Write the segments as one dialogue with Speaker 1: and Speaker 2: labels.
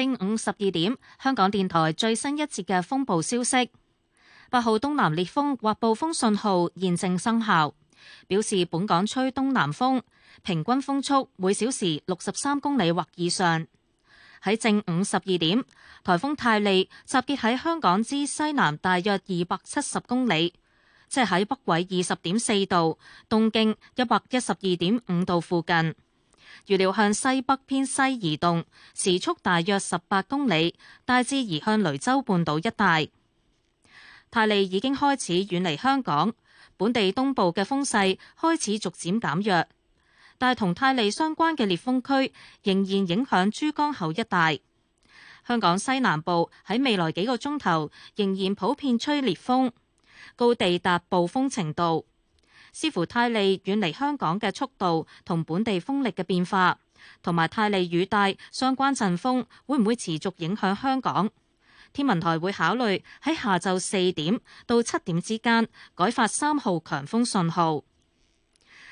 Speaker 1: 正午十二點，香港電台最新一節嘅風暴消息：八號東南烈風或暴風信號現正生效，表示本港吹東南風，平均風速每小時六十三公里或以上。喺正午十二點，台風泰利集結喺香港之西南大約二百七十公里，即喺北緯二十點四度、東經一百一十二點五度附近。預料向西北偏西移動，時速大約十八公里，大致移向雷州半島一帶。泰利已經開始遠離香港，本地東部嘅風勢開始逐漸減弱，但同泰利相關嘅烈風區仍然影響珠江口一帶。香港西南部喺未來幾個鐘頭仍然普遍吹烈風，高地達暴風程度。視乎泰利遠離香港嘅速度同本地風力嘅變化，同埋泰利雨帶相關陣風會唔會持續影響香港，天文台會考慮喺下晝四點到七點之間改發三號強風信號，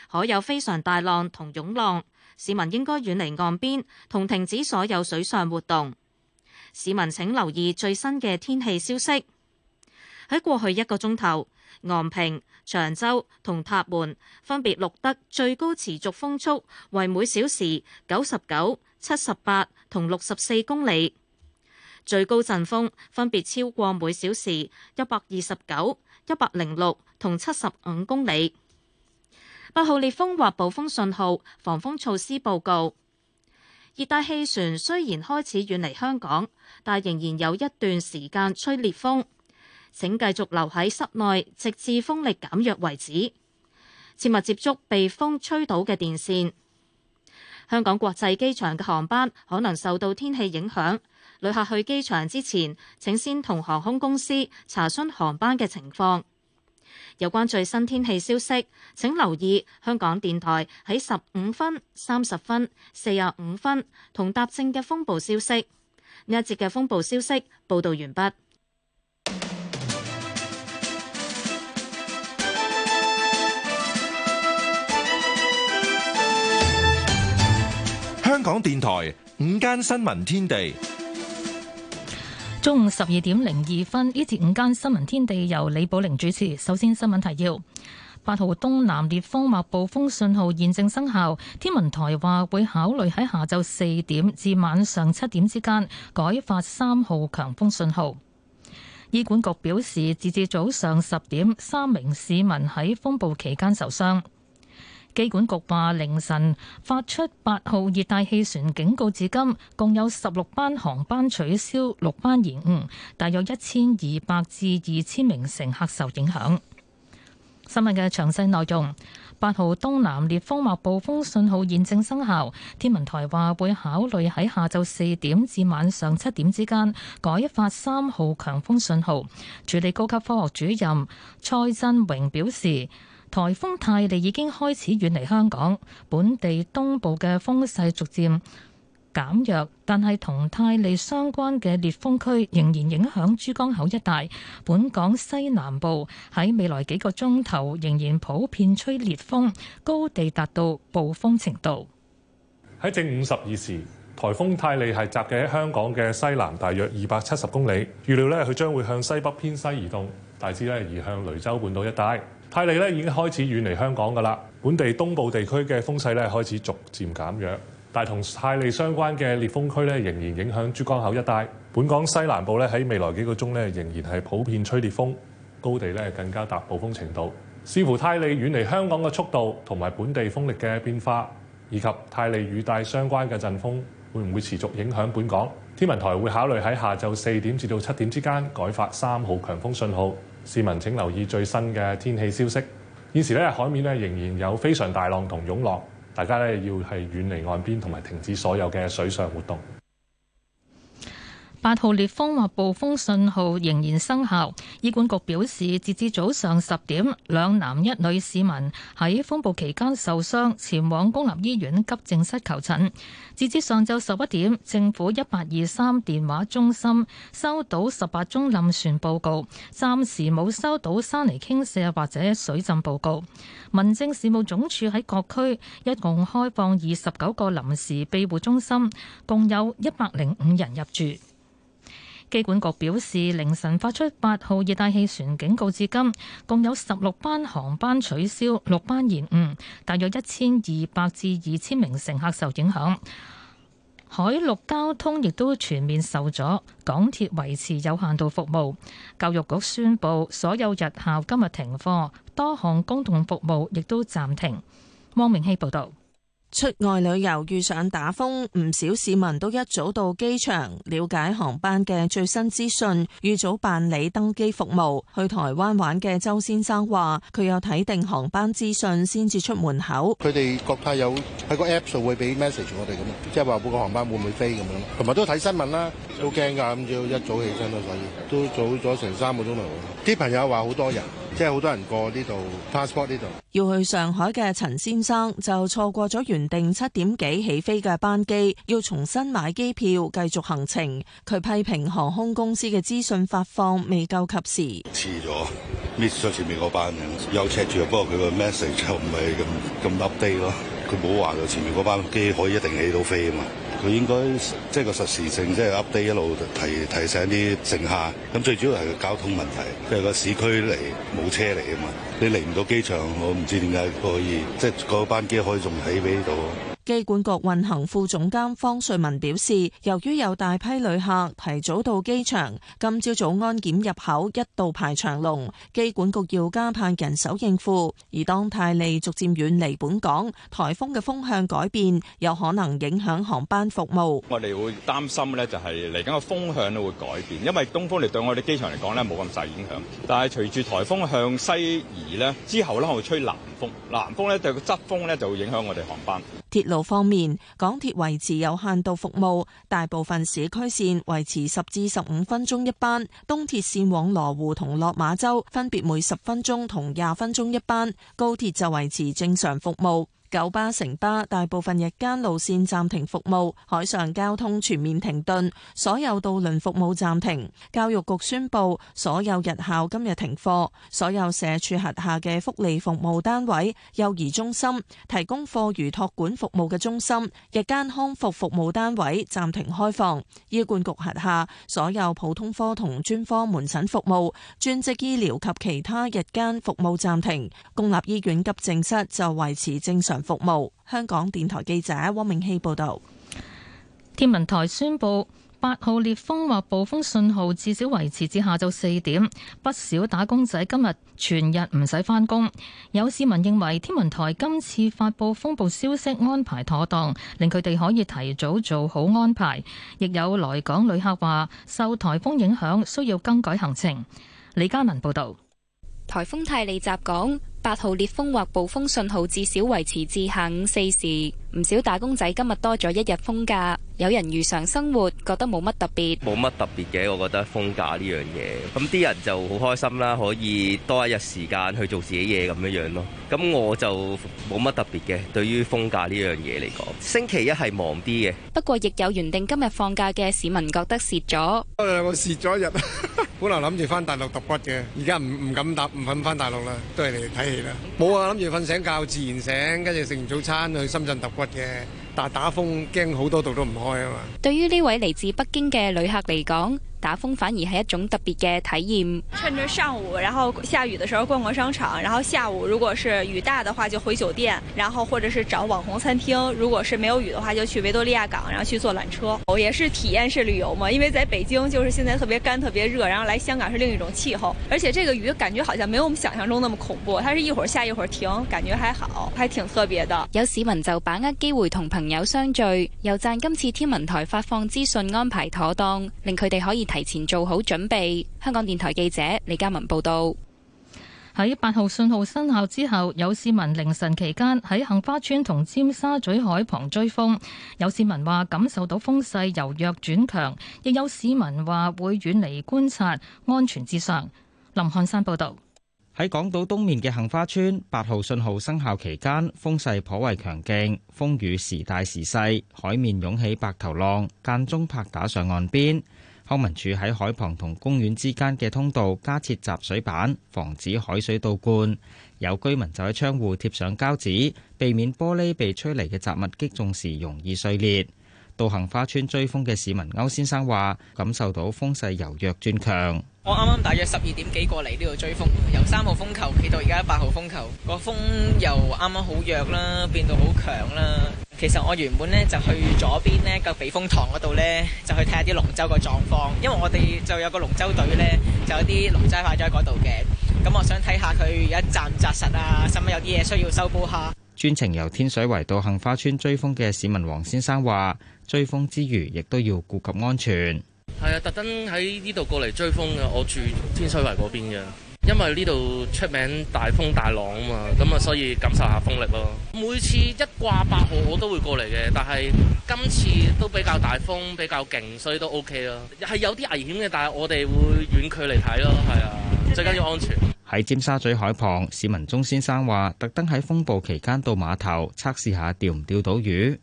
Speaker 1: 海有非常大浪同湧浪，市民應該遠離岸邊同停止所有水上活動。市民請留意最新嘅天氣消息。喺過去一個鐘頭，昂坪、長洲同塔門分別錄得最高持續風速為每小時九十九、七十八同六十四公里，最高陣風分別超過每小時一百二十九、一百零六同七十五公里。八號烈風或暴風信號防風措施報告，熱帶氣旋雖然開始遠離香港，但仍然有一段時間吹烈風。請繼續留喺室內，直至風力減弱為止。切勿接觸被風吹倒嘅電線。香港國際機場嘅航班可能受到天氣影響，旅客去機場之前，請先同航空公司查詢航班嘅情況。有關最新天氣消息，請留意香港電台喺十五分、三十分、四十五分同搭正嘅風暴消息。呢一節嘅風暴消息報道完畢。
Speaker 2: 香港電台午間新聞天地，
Speaker 3: 中午十二點零二分呢節午間新聞天地由李寶玲主持。首先新聞提要：八號東南烈風或暴風信號現正生效，天文台話會考慮喺下晝四點至晚上七點之間改發三號強風信號。醫管局表示，截至早上十點，三名市民喺風暴期間受傷。機管局話，凌晨發出八號熱帶氣旋警告，至今共有十六班航班取消，六班延誤，大約一千二百至二千名乘客受影響。新聞嘅詳細內容，八號東南烈風或暴風信號現正生效，天文台話會考慮喺下晝四點至晚上七點之間改發三號強風信號。助理高級科學主任蔡振榮表示。颱風泰利已經開始遠離香港，本地東部嘅風勢逐漸減弱，但係同泰利相關嘅烈風區仍然影響珠江口一帶。本港西南部喺未來幾個鐘頭仍然普遍吹烈風，高地達到暴風程度。
Speaker 2: 喺正午十二時，颱風泰利集結喺香港嘅西南，大約二百七十公里。預料呢，佢將會向西北偏西移動，大致呢移向雷州半島一帶。泰利咧已經開始遠離香港㗎啦，本地東部地區嘅風勢咧開始逐漸減弱，但同泰利相關嘅烈風區咧仍然影響珠江口一帶。本港西南部咧喺未來幾個鐘咧仍然係普遍吹烈風，高地咧更加達暴風程度。視乎泰利遠離香港嘅速度同埋本地風力嘅變化，以及泰利雨帶相關嘅陣風，會唔會持續影響本港？天文台會考慮喺下晝四點至到七點之間改發三號強風信號，市民請留意最新嘅天氣消息。現時咧，海面咧仍然有非常大浪同湧浪，大家咧要係遠離岸邊同埋停止所有嘅水上活動。
Speaker 3: 八號烈風或暴風信號仍然生效。醫管局表示，截至早上十點，兩男一女市民喺風暴期間受傷，前往公立醫院急症室求診。截至上晝十一點，政府一八二三電話中心收到十八宗冧船報告，暫時冇收到山泥傾瀉或者水浸報告。民政事務總署喺各區一共開放二十九個臨時庇護中心，共有一百零五人入住。機管局表示，凌晨發出八號熱帶氣旋警告，至今共有十六班航班取消，六班延誤，大約一千二百至二千名乘客受影響。海陸交通亦都全面受阻，港鐵維持有限度服務。教育局宣布所有日校今日停課，多項公共服務亦都暫停。
Speaker 4: 汪明希報道。出外旅遊遇上打風，唔少市民都一早到機場了解航班嘅最新資訊，預早辦理登機服務。去台灣玩嘅周先生話，佢有睇定航班資訊先至出門口。
Speaker 2: 佢哋國泰有喺個 app 上會俾 message 我哋咁啊，即係話個航班會唔會飛咁樣，同埋都睇新聞啦，都驚噶咁，要一早起身咯，所以都早咗成三個鐘頭。啲朋友話好多人。即係好多人過呢度 passport 呢度，
Speaker 4: 要去上海嘅陳先生就錯過咗原定七點幾起飛嘅班機，要重新買機票繼續行程。佢批評航空公司嘅資訊發放未夠及時，遲
Speaker 5: 咗 miss 咗前面嗰班，又赤住，不過佢個 message 就唔係咁咁 update 咯，佢冇話就前面嗰班機可以一定起到飛啊嘛。佢應該即係個實時性，即係 update 一路提提醒啲乘客。咁最主要係個交通問題，即係個市區嚟冇車嚟啊嘛。你嚟唔到機場，我唔知點解佢可以，即係嗰班機可以仲喺呢度。
Speaker 4: 機管局運行副總監方瑞文表示，由於有大批旅客提早到機場，今朝早安檢入口一度排長龍，機管局要加派人手應付。而當泰利逐漸遠離本港，颱風嘅風向改變，有可能影響航班服務。
Speaker 5: 我哋會擔
Speaker 2: 心呢，就係嚟緊嘅風向會改變，因為東風嚟對我哋機場嚟講呢冇咁大影響。但係隨住颱風向西移呢，之後呢會吹南風，南風呢對個側風呢就會影響我哋航班。
Speaker 4: 鐵路。方面，港鐵維持有限度服務，大部分市區綫維持十至十五分鐘一班，東鐵綫往羅湖同落馬洲分別每十分鐘同廿分鐘一班，高鐵就維持正常服務。九巴、城巴大部分日間路線暫停服務，海上交通全面停頓，所有渡輪服務暫停。教育局宣布，所有日校今日停課，所有社署轄下嘅福利服務單位、幼兒中心、提供課餘托管服務嘅中心、日間康復服務單位暫停開放。醫管局轄下所有普通科同專科門診服務、專職醫療及其他日間服務暫停，公立醫院急症室就維持正常。服務，香港電台記者汪明熙報道。天文台宣布
Speaker 3: 八號烈風或暴風信號至少維持至下晝四點，不少打工仔今日全日唔使返工。有市民認為天文台今次發布風暴消息安排妥當，令佢哋可以提早做好安排。亦有來港旅客話受台風影響，需要更改行程。李嘉文報道，
Speaker 1: 台風泰利襲港。八號烈風或暴風信號至少維持至下午四時。唔少打工仔今日多咗一日風假，有人如常生活，覺得冇乜特別。冇
Speaker 6: 乜特別嘅，我覺得風假呢樣嘢，咁啲人就好開心啦，可以多一日時間去做自己嘢咁樣樣咯。咁我就冇乜特別
Speaker 2: 嘅，對於風假呢樣嘢嚟講，星期一係忙啲嘅。
Speaker 1: 不過亦有原定今日放假嘅市民覺得蝕咗。
Speaker 2: 我蝕咗一日，本嚟諗住翻大陸揼骨嘅，而家唔唔敢搭，唔敢翻大陸啦，都係嚟睇。冇啊，諗住瞓醒覺自然醒，跟住食完早餐去深圳揼骨嘅。但打風驚好多度都唔開啊嘛！
Speaker 7: 對於呢位嚟
Speaker 1: 自北京嘅旅客嚟講，打風反而係一種特別嘅體驗。
Speaker 4: 趁著上午，然後下雨嘅時候逛逛商場，然後下午如果是雨大的話就回酒店，然後或者是找網紅餐廳。如果是沒有雨的話就去維多利亞港，然後去坐纜車。哦，也是體驗式旅遊嘛，因為在北京就是現在特別乾特別熱，然後來香港是另一種氣候，而且這個雨感覺好像沒有我們想象中那麼恐怖，它是一會兒下，一會兒停，感覺還好，還挺特別的。
Speaker 1: 有市民就把握機會同朋友友相聚，又讚今次天文台發放資訊
Speaker 3: 安排妥當，令佢哋可以提前做好準備。香港電台記者李嘉文報道：喺八號信號生效之後，有市民凌晨期間喺杏花村同尖沙咀海旁追風。有市民話感受到風勢由弱轉強，亦有市民話會遠離觀察，安全至上。林漢山報道。
Speaker 5: 喺港島東面嘅杏花村，八號信號生效期間，風勢頗為強勁，風雨時大時細，海面湧起白頭浪，間中拍打上岸邊。康文署喺海旁同公園之間嘅通道加設集水板，防止海水倒灌。有居民就喺窗戶貼上膠紙，避免玻璃被吹嚟嘅雜物擊中時容易碎裂。到杏花村追風嘅市民歐先生話，感受到風勢由弱轉強。我啱啱大約十二點幾過嚟呢度追風，由三號風球企到而家八號風球，個風由啱啱好弱啦，變到好強啦。其實我原本呢就去左邊呢個避風塘嗰度呢，就去睇下啲龍舟個狀況，因為我哋就有個龍舟隊呢，就有啲龍舟擺咗喺嗰度嘅，咁我想睇下佢而家紮唔紮實啊，使唔使有啲嘢需要修補下。專程由天水圍到杏花村追風嘅市民黃先生話：追風之餘，亦都要顧及安全。
Speaker 2: 係啊，特登喺呢度過嚟追風嘅，我住天水圍嗰邊嘅，因為呢度出名大風大浪啊嘛，咁啊所以感受下風力咯。每次一掛八號我都會過嚟嘅，但係今次都比較大風，比較勁，所以都 OK 咯。係有啲危險嘅，但係我哋會遠距離睇咯，係啊，最緊要安全。
Speaker 5: 喺尖沙咀海旁，市民鍾先生話，特登喺風暴期間到碼頭測試下釣唔釣到魚。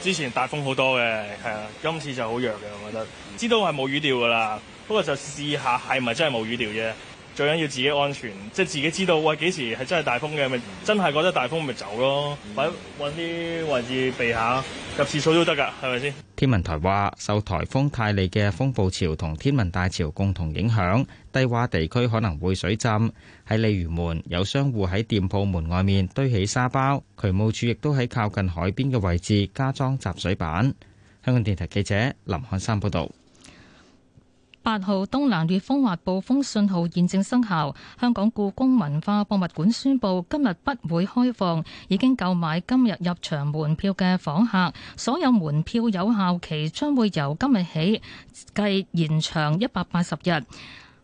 Speaker 2: 之前大風好多嘅，係啊，今次就好弱嘅，我覺得。知道係冇魚釣㗎喇，不過就試下係咪真係冇魚釣啫。最緊要自己安全，即係自己知道，喂、哎、幾時係真係大風嘅，咪、嗯、真係覺得大風咪走咯，揾揾啲位置避下，入廁所都得㗎，係咪先？
Speaker 5: 天文台話，受颱風泰利嘅風暴潮同天文大潮共同影響，低洼地區可能會水浸。喺鯉魚門有商戶喺店鋪門外面堆起沙包，渠務署亦都喺靠近海邊嘅位置加裝集水板。香港電台記者林漢山報道。
Speaker 3: 八號東南烈風或暴風信號現正生效，香港故宮文化博物館宣布今日不會開放，已經購買今日入場門票嘅訪客，所有門票有效期將會由今日起計延長一百八十日，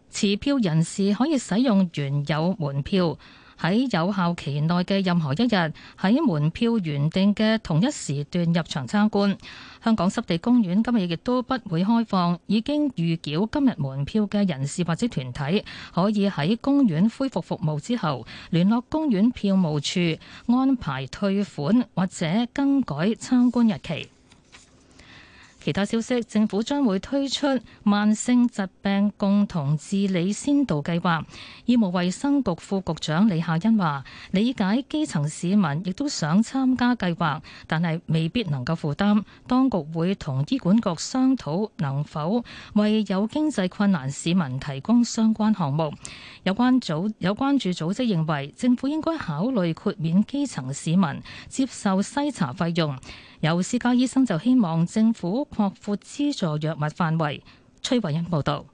Speaker 3: 持票人士可以使用原有門票。喺有效期內嘅任何一日，喺門票原定嘅同一時段入場參觀。香港濕地公園今日亦都不會開放，已經預繳今日門票嘅人士或者團體可以喺公園恢復服務之後聯絡公園票務處安排退款或者更改參觀日期。其他消息，政府將會推出慢性疾病共同治理先導計劃，醫務衛生局副局長李夏欣話理解基層市民亦都想參加計劃，但係未必能夠負擔，當局會同醫管局商討能否為有經濟困難市民提供相關項目。有關組有關注組織認為政府應該考慮豁免基層市民接受篩查費用。有私家醫生就希望政府擴闊資助藥
Speaker 8: 物範圍。崔慧欣報導。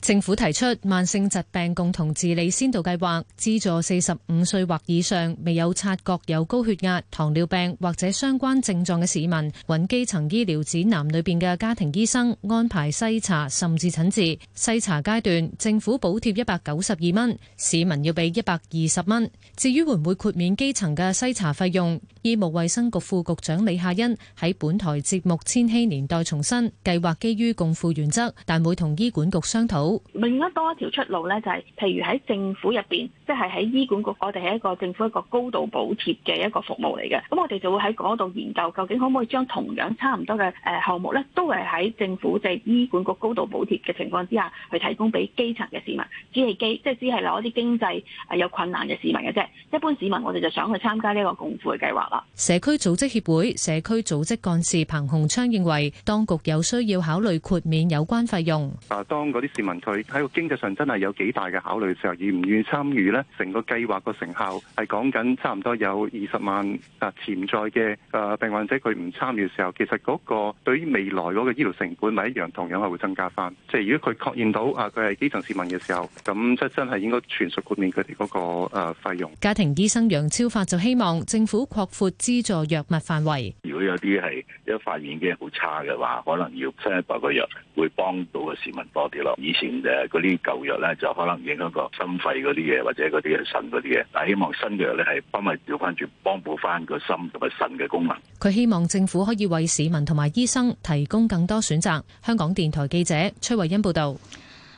Speaker 8: 政府提出慢性疾病共同治理先導計劃，資助四十五歲或以上未有察覺有高血壓、糖尿病或者相關症狀嘅市民，揾基層醫療指南裏邊嘅家庭醫生安排篩查甚至診治。篩查階段政府補貼一百九十二蚊，市民要俾一百二十蚊。至於會唔會豁免基層嘅篩查費用，醫務衛生局副局長李夏欣喺本台節目《千禧年代》重申，計劃基於共付原則，但會同醫管局商討。
Speaker 4: 另一多一條出路咧，就係譬如喺政府入邊，即係喺醫管局，我哋係一個政府一個高度補貼嘅一個服務嚟嘅。咁我哋就會喺嗰度研究，究竟可唔可以將同樣差唔多嘅誒項目咧，都係喺政府即係醫管局高度補貼嘅情況之下去提供俾基層嘅市民。只係基，即係只係攞啲經濟誒有困難嘅市民嘅啫。一般市民，我哋就想去參加呢一個共付嘅計劃啦。
Speaker 8: 社區組織協會社區組織幹事彭洪昌認為，當局有需要考慮豁免有關費用。
Speaker 2: 啊，當啲市民，佢喺個經濟上真係有幾大嘅考慮嘅時候，而唔願意參與呢成個計劃個成效係講緊差唔多有二十萬啊潛在嘅誒病患者，佢唔參與嘅時候，其實嗰個對於未來嗰個醫療成本咪一樣同樣係會增加翻。即係如果佢確認到啊，佢係基層市民嘅時候，咁即真係應該全數豁免佢哋嗰個誒費用。
Speaker 8: 家庭醫生楊超發就希望政府擴闊資助藥物範圍。
Speaker 2: 如果有啲係。一發現已經好差嘅話，可能要新一代嘅藥會幫到個市民多啲咯。以前嘅嗰啲舊藥咧，就可能影響個心肺嗰啲嘢，或者嗰啲誒腎嗰啲嘢。但係希望新藥咧係，幫佢調翻轉，幫補翻個心同埋
Speaker 5: 腎嘅功能。
Speaker 8: 佢希望政府可以為市民同埋醫生提供更多選擇。香港電台記者崔慧欣報道。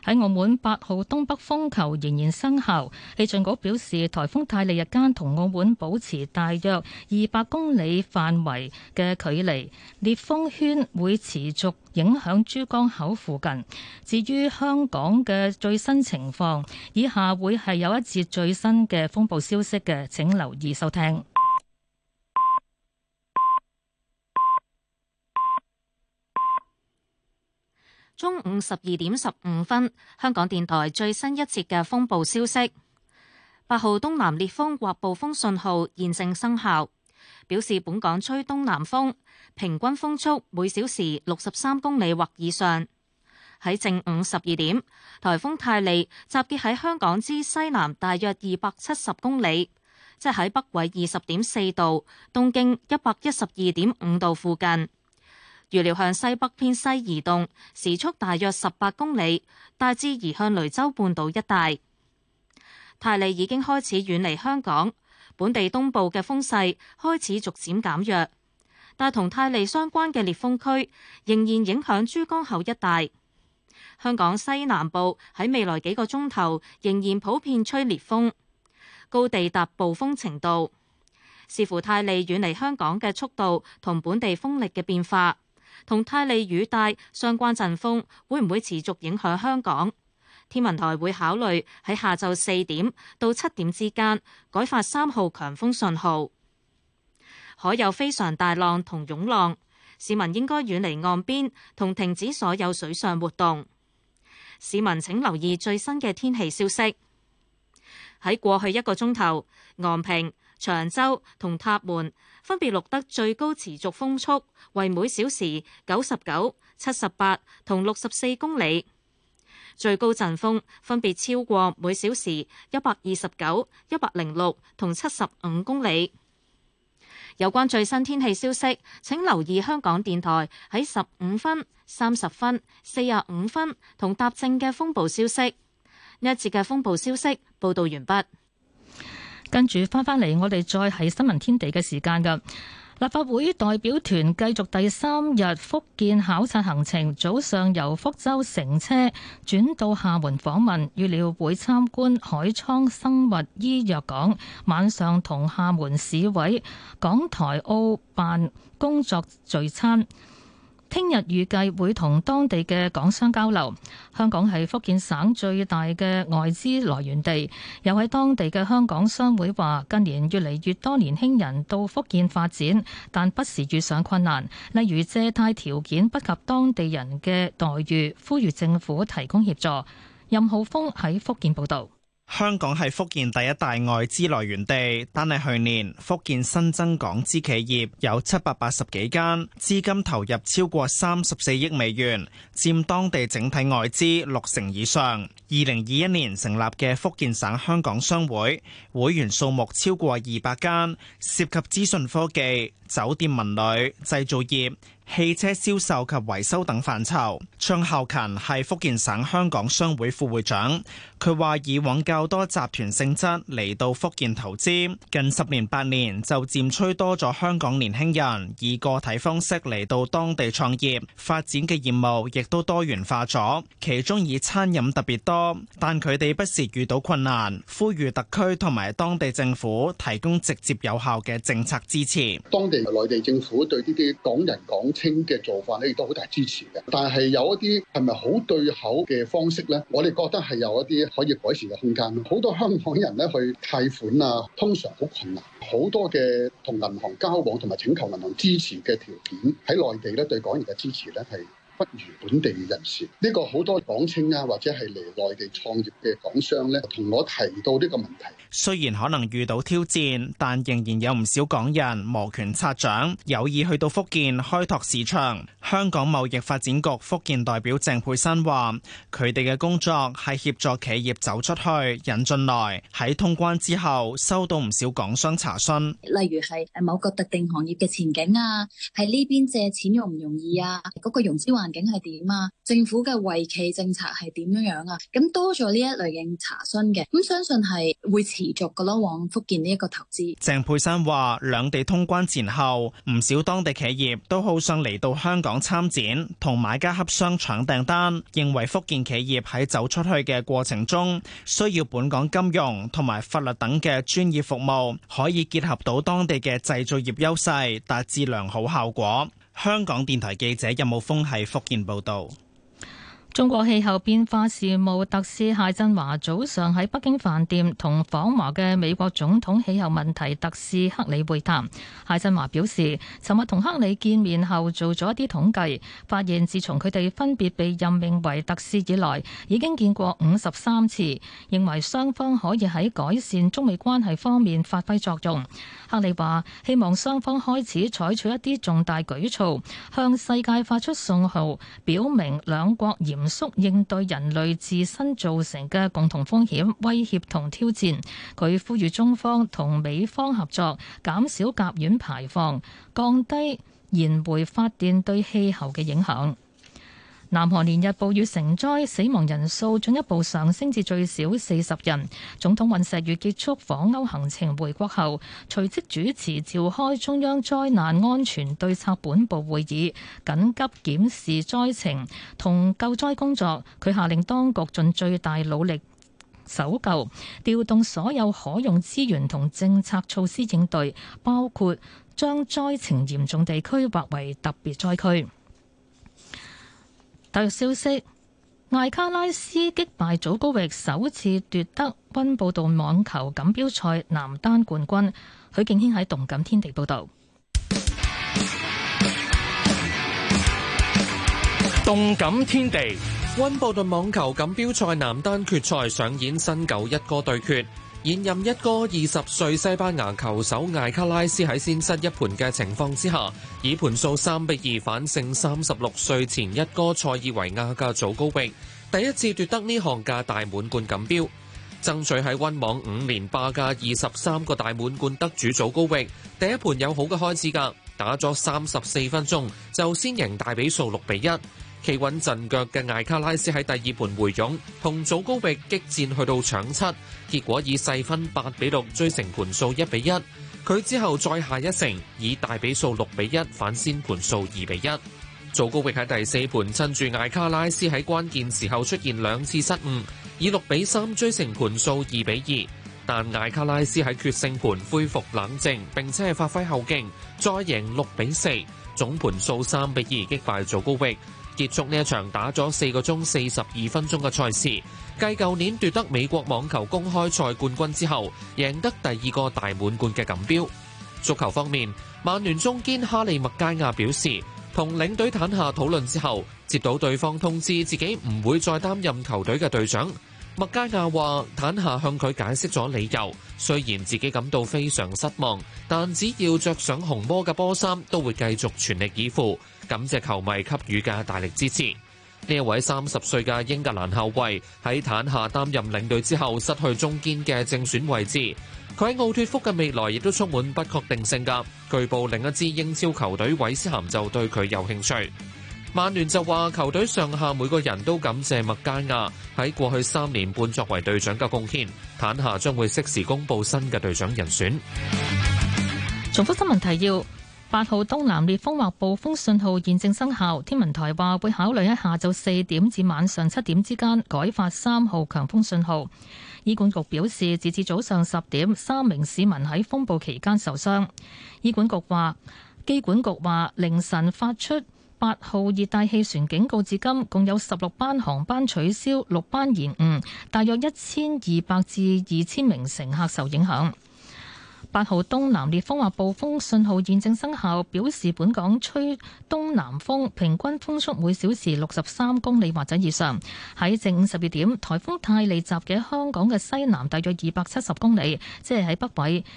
Speaker 8: 喺澳門八號東北風球仍然生
Speaker 3: 效，氣象局表示，台風泰利日間同澳門保持大約二百公里範圍嘅距離，烈風圈會持續影響珠江口附近。至於香港嘅最新情況，以下會係有一節最新嘅風暴消息嘅，請留意收聽。
Speaker 1: 中午十二點十五分，香港電台最新一節嘅風暴消息：八號東南烈風或暴風信號現正生效，表示本港吹東南風，平均風速每小時六十三公里或以上。喺正午十二點，台風泰利集結喺香港之西南大約二百七十公里，即係北緯二十點四度、東經一百一十二點五度附近。預料向西北偏西移動，時速大約十八公里，大致移向雷州半島一帶。泰利已經開始遠離香港，本地東部嘅風勢開始逐漸減弱，但同泰利相關嘅烈風區仍然影響珠江口一帶。香港西南部喺未來幾個鐘頭仍然普遍吹烈風，高地達暴風程度，視乎泰利遠離香港嘅速度同本地風力嘅變化。同泰利雨帶相關陣風會唔會持續影響香港？天文台會考慮喺下晝四點到七點之間改發三號強風信號，海有非常大浪同湧浪，市民應該遠離岸邊同停止所有水上活動。市民請留意最新嘅天氣消息。喺過去一個鐘頭，昂坪、長洲同塔門，分別錄得最高持續風速為每小時九十九、七十八同六十四公里，最高陣風分別超過每小時一百二十九、一百零六同七十五公里。有關最新天氣消息，請留意香港電台喺十五分、三十分、四十五分同踏正嘅風暴消息。呢一次嘅風暴消息報
Speaker 3: 導完畢。跟住翻返嚟，我哋再係新聞天地嘅時間噶。立法會代表團繼續第三日福建考察行程，早上由福州乘車轉到廈門訪問，預料會參觀海滄生物醫藥港，晚上同廈門市委、港台澳辦工作聚餐。聽日預計會同當地嘅港商交流。香港係福建省最大嘅外資來源地，有喺當地嘅香港商會話，近年越嚟越多年輕人到福建發展，但不時遇上困難，例如借貸條件不及當地人嘅待遇，呼籲政府提供協助。任浩峰喺福建報道。
Speaker 6: 香港係福建第一大外資來源地，但係去年福建新增港資企業有七百八十幾間，資金投入超過三十四億美元，佔當地整體外資六成以上。二零二一年成立嘅福建省香港商會會員數目超過二百間，涉及資訊科技、酒店文旅、製造業、汽車銷售及維修等範疇。張孝勤係福建省香港商會副會長，佢話以往較多集團性質嚟到福建投資，近十年八年就漸趨多咗香港年輕人以個體方式嚟到當地創業，發展嘅業務亦都多元化咗，其中以餐飲特別多。但佢哋不時遇到困難，呼籲特區同埋當地政府提供直接有效嘅政策支持。
Speaker 2: 當地內地政府對呢啲港人港青嘅做法咧，亦都好大支持嘅。但係有一啲係咪好對口嘅方式咧？我哋覺得係有一啲可以改善嘅空間。好多香港人咧去貸款啊，通常好困難。好多嘅同銀行交往同埋請求銀行支持嘅條件，喺內地咧對港人嘅支持咧係，不如本地人士，呢個好多港青啊，或者係嚟內地創業嘅港商咧，同我提到呢個問題，
Speaker 6: 雖然可能遇到挑戰，但仍然有唔少港人摩拳擦掌，有意去到福建開拓市場，香港貿易發展局福建代表鄭佩森話，佢哋嘅工作係協助企業走出去、引進來，喺通關之後收到唔少港商查詢，
Speaker 8: 例如係某個特定行業嘅前景啊，喺呢邊借錢容唔容易啊，嗰個融資環。究竟係點啊？政府嘅惠企政策係點樣樣啊？咁多咗呢一類型查詢嘅，咁相信係會持續噶咯，往福建呢一個投資。
Speaker 6: 鄭佩山話：兩地通關前後，唔少當地企業都好想嚟到香港參展，同買家洽商搶訂單。認為福建企業喺走出去嘅過程中，需要本港金融同埋法律等嘅專業服務，可以結合到當地嘅製造業優勢，達至良好效果。香港電台記者任武峰喺福建報道。
Speaker 3: 中國氣候變化事務特使解振華早上喺北京飯店同訪華嘅美國總統氣候問題特使克里會談。解振華表示，尋日同克里見面後做咗一啲統計，發現自從佢哋分別被任命為特使以來，已經見過五十三次，認為雙方可以喺改善中美關係方面發揮作用。克里話：希望雙方開始採取一啲重大舉措，向世界發出信號，表明兩國嚴。嚴肅應對人類自身造成嘅共同風險、威脅同挑戰，佢呼籲中方同美方合作，減少甲烷排放，降低燃煤發電對氣候嘅影響。南韓連日暴雨成災，死亡人數進一步上升至最少四十人。總統尹錫悅結束訪歐行程回國後，隨即主持召開中央災難安全對策本部會議，緊急檢視災情同救災工作。佢下令當局盡最大努力搜救，調動所有可用資源同政策措施應對，包括將災情嚴重地區劃為特別災區。體育消息：艾卡拉斯擊敗祖高域，首次奪得温布頓網球錦標賽男單冠軍。許敬軒喺動感天地報道。
Speaker 2: 動感天地，温布頓網球錦標賽男單決賽上演新舊一哥對決。現任一哥二十歲西班牙球手艾卡拉斯喺先失一盤嘅情況之下，以盤數三比二反勝三十六歲前一哥塞爾維亞嘅祖高域，第一次奪得呢項嘅大滿貫錦標。爭取喺溫網五連霸嘅二十三個大滿貫得主祖高域第一盤有好嘅開始，噶打咗三十四分鐘就先贏大比數六比一。企穩陣腳嘅艾卡拉斯喺第二盤回勇，同祖高域激戰去到搶七，結果以細分八比六追成盤數一比一。佢之後再下一城，以大比數六比一反先盤數二比一。祖高域喺第四盤趁住艾卡拉斯喺關鍵時候出現兩次失誤，以六比三追成盤數二比二。但艾卡拉斯喺決勝盤恢復冷靜，並且係發揮後勁，再贏六比四，總盤數三比二擊敗祖高域。結束呢一場打咗四個鐘四十二分鐘嘅賽事，繼舊年奪得美國網球公開賽冠軍之後，贏得第二個大滿貫嘅錦標。足球方面，曼聯中堅哈利麥加亞表示，同領隊坦下討論之後，接到對方通知，自己唔會再擔任球隊嘅隊長。麥加亞話，坦下向佢解釋咗理由，雖然自己感到非常失望，但只要着上紅魔嘅波衫，都會繼續全力以赴。感謝球迷給予嘅大力支持。呢一位三十歲嘅英格蘭後衞喺坦夏擔任領隊之後，失去中堅嘅正選位置。佢喺奧脱福嘅未來亦都充滿不確定性㗎。據報另一支英超球隊韋斯咸就對佢有興趣。曼聯就話球隊上下每個人都感謝麥加亞喺過去三年半作為隊長嘅貢獻。坦夏將會適時公布新嘅隊長人選。
Speaker 3: 重複新聞提要。八號東南烈風或暴風信號現正生效，天文台話會考慮喺下晝四點至晚上七點之間改發三號強風信號。醫管局表示，截至早上十點，三名市民喺風暴期間受傷。醫管局話，機管局話凌晨發出八號熱帶氣旋警告，至今共有十六班航班取消，六班延誤，大約一千二百至二千名乘客受影響。八號東南烈風或暴風信號現正生效，表示本港吹東南風，平均風速每小時六十三公里或者以上。喺正午十二點，颱風泰利集結喺香港嘅西南大約二百七十公里，即係喺北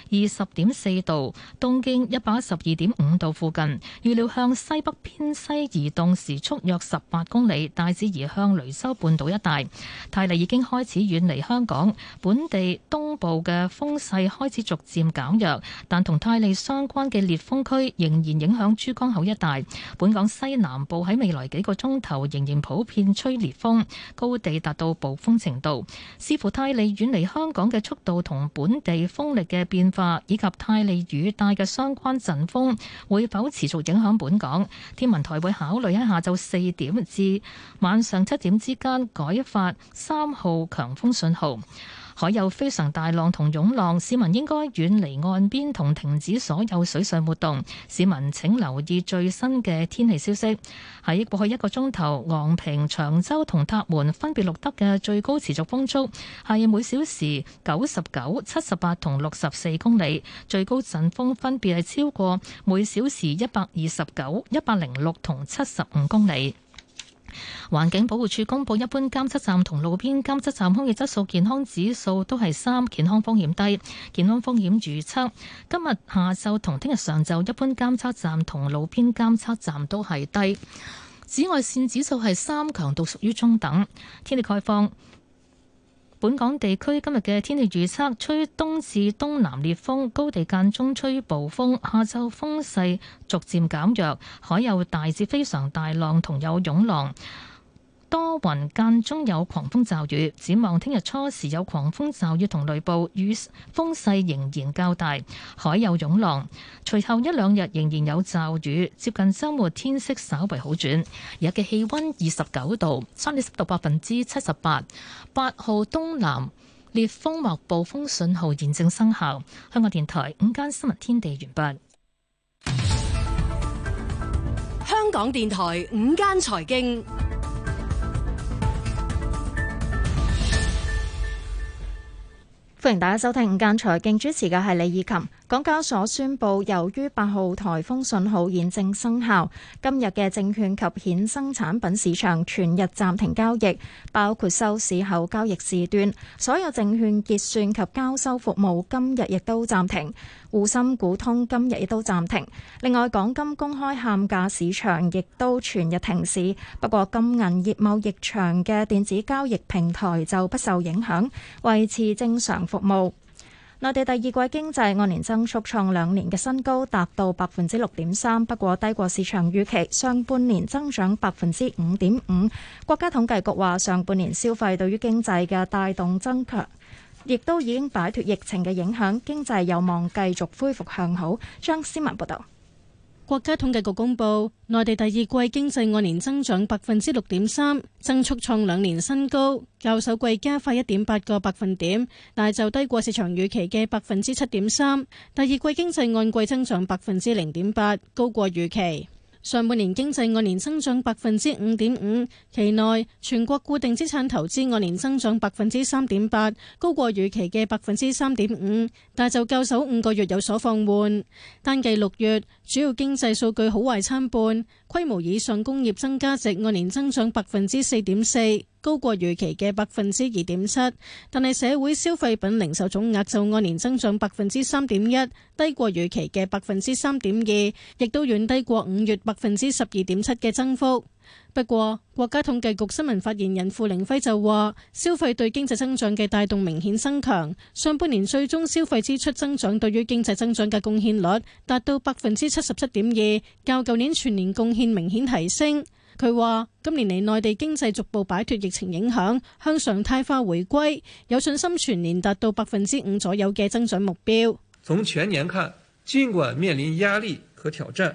Speaker 3: 緯二十點四度、東經一百一十二點五度附近。預料向西北偏西移動，時速約十八公里，大致移向雷州半島一帶。泰利已經開始遠離香港，本地東部嘅風勢開始逐漸減。減弱，但同泰利相關嘅烈風區仍然影響珠江口一帶。本港西南部喺未來幾個鐘頭仍然普遍吹烈風，高地達到暴風程度。視乎泰利遠離香港嘅速度同本地風力嘅變化，以及泰利雨帶嘅相關陣風，會否持續影響本港，天文台會考慮喺下晝四點至晚上七點之間改發三號強風信號。海有非常大浪同湧浪，市民應該遠離岸邊同停止所有水上活動，市民請留意最新嘅天氣消息。喺過去一個鐘頭，昂坪、長洲同塔門分別錄得嘅最高持續風速係每小時九十九、七十八同六十四公里，最高陣風分別係超過每小時一百二十九、一百零六同七十五公里。環境保護署公布，一般監測站同路邊監測站空氣質素健康指數都係三，健康風險低。健康風險預測，今日下晝同聽日上晝，一般監測站同路邊監測站都係低。紫外線指數係三，強度屬於中等，天氣概況。本港地區今日嘅天氣預測，吹東至東南烈風，高地間中吹暴風，下晝風勢逐漸減弱，海有大至非常大浪同有湧浪。多雲間中有狂風驟雨，展望聽日初時有狂風驟雨同雷暴，雨風勢仍然較大，海有湧浪。隨後一兩日仍然有驟雨，接近周末天色稍為好轉。日嘅氣溫二十九度，相對濕度百分之七十八。八號東南烈風或暴風信號現正生效。香港電台午間新聞天地完畢。
Speaker 8: 香港電台午間財經。歡迎大
Speaker 7: 家收聽午間財經，主持嘅係李以琴。港交所宣布，由於八號颱風信號現正生效，今日嘅證券及衍生產品市場全日暫停交易，包括收市後交易時段。所有證券結算及交收服務今日亦都暫停。滬深股通今日亦都暫停。另外，港金公開喊價市場亦都全日停市。不過，金銀業貿易場嘅電子交易平台就不受影響，維持正常服務。內地第二季經濟按年增速創兩年嘅新高，達到百分之六點三，不過低過市場預期。上半年增長百分之五點五。國家統計局話，上半年消費對於經濟嘅帶動增強，亦都已經擺脫疫情嘅影響，經濟有望繼續恢復向好。張思文報道。
Speaker 9: 國家統計局公布，內地第二季經濟按年增長百分之六點三，增速創兩年新高，較首季加快一點八個百分點，但就低過市場預期嘅百分之七點三。第二季經濟按季增長百分之零點八，高過預期。上半年經濟按年增長百分之五點五，期內全國固定資產投資按年增長百分之三點八，高過預期嘅百分之三點五，但就較首五個月有所放緩。單計六月主要經濟數據好壞參半。規模以上工業增加值按年增長百分之四點四，高過預期嘅百分之二點七，但係社會消費品零售總額就按年增長百分之三點一，低過預期嘅百分之三點二，亦都遠低過五月百分之十二點七嘅增幅。不過，國家統計局新聞發言人傅凌暉就話，消費對經濟增長嘅帶動明顯增強，上半年最終消費支出增長對於經濟增長嘅貢獻率達到百分之七十七點二，較舊年全年貢獻明顯提升。佢話今年嚟內地經濟逐步擺脫疫情影響，向常態化回歸，有信心全年達到百分之五左右嘅增長目標。
Speaker 2: 從全年看，儘管面臨壓力和挑戰。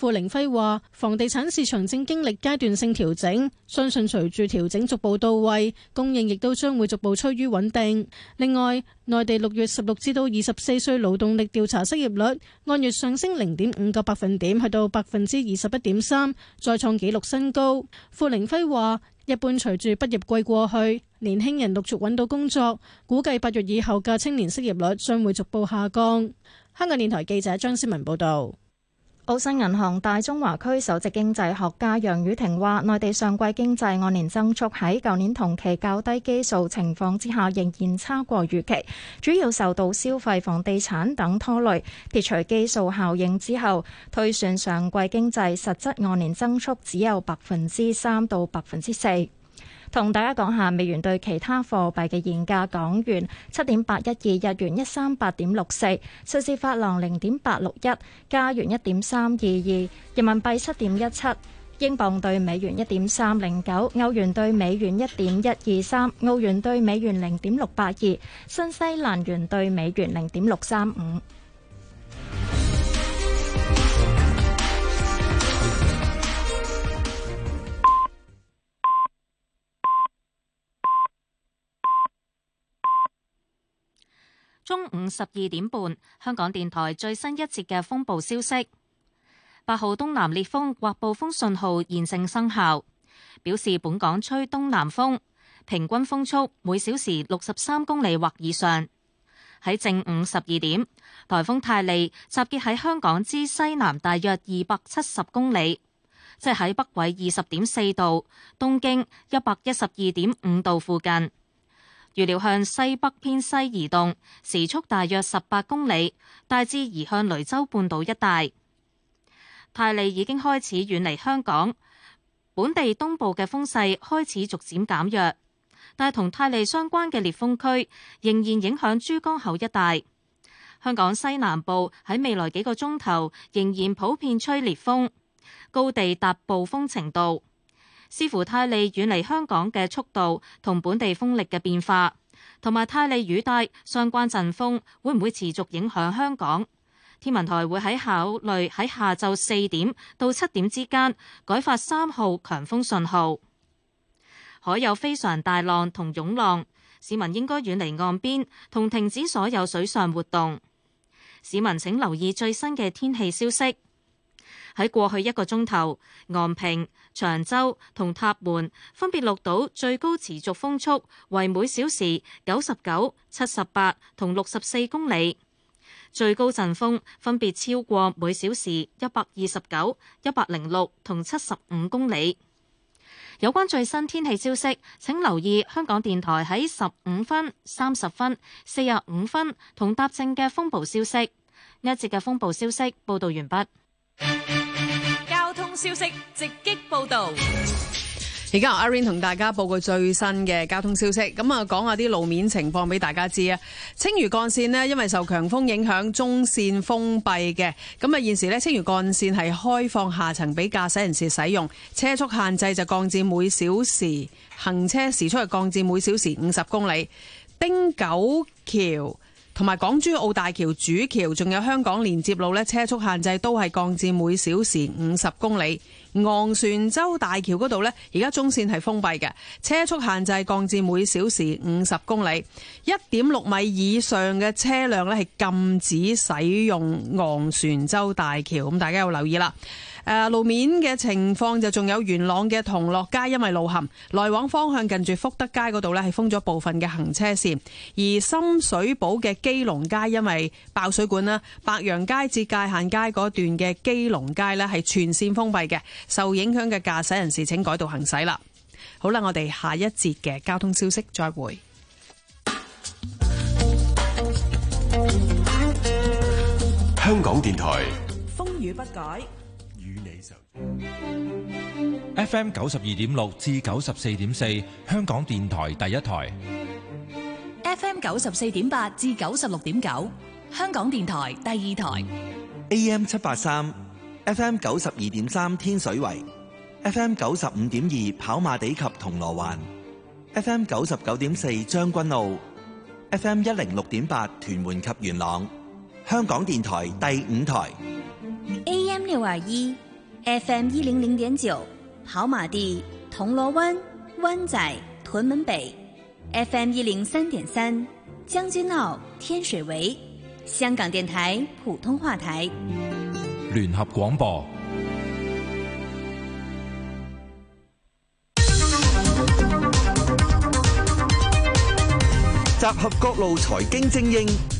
Speaker 9: 傅凌輝話，房地產市場正經歷階段性調整，相信隨住調整逐步到位，供應亦都將會逐步趨於穩定。另外，內地六月十六至到二十四歲勞動力調查失業率按月上升零點五個百分點，去到百分之二十一點三，再創紀錄新高。傅凌輝話，一般隨住畢業季過去，年輕人陸續揾到工作，估計八月以後嘅青年失業率將會逐步下降。香港電台記者張思文報道。
Speaker 7: 澳新銀行大中華區首席經濟學家楊宇婷話：內地上季經濟按年增速喺舊年同期較低基數情況之下，仍然差過預期，主要受到消費、房地產等拖累。撇除基數效應之後，推算上季經濟實質按年增速只有百分之三到百分之四。同大家講下美元對其他貨幣嘅現價：港元七點八一二，日元一三八點六四，瑞士法郎零點八六一，加元一點三二二，人民幣七點一七，英鎊對美元一點三零九，歐元對美元一點一二三，澳元對美元零點六八二，新西蘭元對美元零點六三五。
Speaker 1: 中午十二點半，香港電台最新一節嘅風暴消息。八號東南烈風或暴風信號現正生效，表示本港吹東南風，平均風速每小時六十三公里或以上。喺正午十二點，颱風泰利集結喺香港之西南大約二百七十公里，即喺北緯二十點四度、東經一百一十二點五度附近。預料向西北偏西移動，時速大約十八公里，大致移向雷州半島一帶。泰利已經開始遠離香港，本地東部嘅風勢開始逐漸減弱，但同泰利相關嘅烈風區仍然影響珠江口一帶。香港西南部喺未來幾個鐘頭仍然普遍吹烈風，高地達暴風程度。視乎泰利遠離香港嘅速度同本地風力嘅變化，同埋泰利雨帶相關陣風會唔會持續影響香港，天文台會喺考慮喺下晝四點到七點之間改發三號強風信號，海有非常大浪同湧浪，市民應該遠離岸邊同停止所有水上活動。市民請留意最新嘅天氣消息。喺過去一個鐘頭，昂坪、長洲同塔門分別錄到最高持續風速為每小時九十九、七十八同六十四公里，最高陣風分別超過每小時一百二十九、一百零六同七十五公里。有關最新天氣消息，請留意香港電台喺十五分、三十分、四十五分同搭正嘅風暴消息。呢一節嘅風暴消息報導完畢。
Speaker 8: 消息直擊報道，
Speaker 10: 而家我阿 Rain 同大家報告最新嘅交通消息。咁啊，講下啲路面情況俾大家知啊。青嶼幹線呢，因為受強風影響，中線封閉嘅。咁啊，現時呢，青嶼幹線係開放下層俾駕駛人士使用，車速限制就降至每小時，行車時速係降至每小時五十公里。汀九橋。同埋港珠澳大橋主橋，仲有香港連接路呢，車速限制都係降至每小時五十公里。昂船洲大橋嗰度呢，而家中線係封閉嘅，車速限制降至每小時五十公里。一點六米以上嘅車輛呢，係禁止使用昂船洲大橋。咁大家要留意啦。誒，路面嘅情況就仲有元朗嘅同樂街，因為路陷，來往方向近住福德街嗰度咧，係封咗部分嘅行車線；而深水埗嘅基隆街因為爆水管啦，白楊街至界限街嗰段嘅基隆街咧係全線封閉嘅，受影響嘅駕駛人士請改道行駛啦。好啦，我哋下一節嘅交通消息再會。
Speaker 2: 香港電台
Speaker 4: 風雨不改。
Speaker 2: FM 九十二點六至九十四點四，香港電台第一台
Speaker 8: ；FM 九十四點八至九十六點九，香港電台第二台
Speaker 2: ；AM 七八三，FM 九十二點三，天水圍；FM 九十五點二，跑馬地及銅鑼灣；FM 九十九點四，將軍澳；FM 一零六點八，屯門及元朗，香港電台第五台
Speaker 10: ；AM 六二一。FM 一零零點九，跑馬地、銅鑼灣、
Speaker 1: 灣仔、屯門北；FM 一零三點三，將軍澳、天水圍。香港電台普通話台，
Speaker 2: 聯合廣播，集合各路財經精英。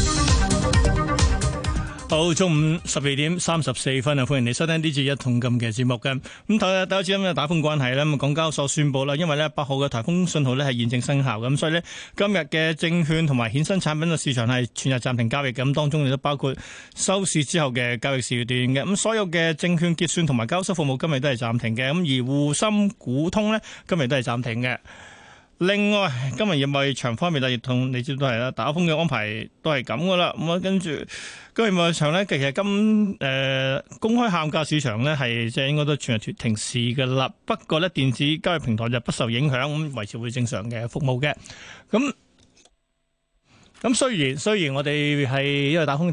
Speaker 6: 好，中午十二點三十四分啊！歡迎你收聽《呢次一桶金》嘅節目嘅咁。頭日頭先咁啊，打風關係啦，咁港交所宣布啦，因為呢八號嘅台風信號呢係現正生效咁，所以呢，今日嘅證券同埋衍生產品嘅市場係全日暫停交易咁，當中亦都包括收市之後嘅交易時段嘅咁。所有嘅證券結算同埋交收服務今日都係暫停嘅咁，而滬深股通呢，今日都係暫停嘅。另外，今日亦咪長方面，亦同你知道都係啦，打風嘅安排都係咁噶啦。咁啊，跟住。交易市場咧，其實今誒公開喊價市場咧，係即係應該都全日斷停市嘅啦。不過咧，電子交易平台就不受影響，咁維持會正常嘅服務
Speaker 5: 嘅。咁咁雖然雖然我哋係因為打空。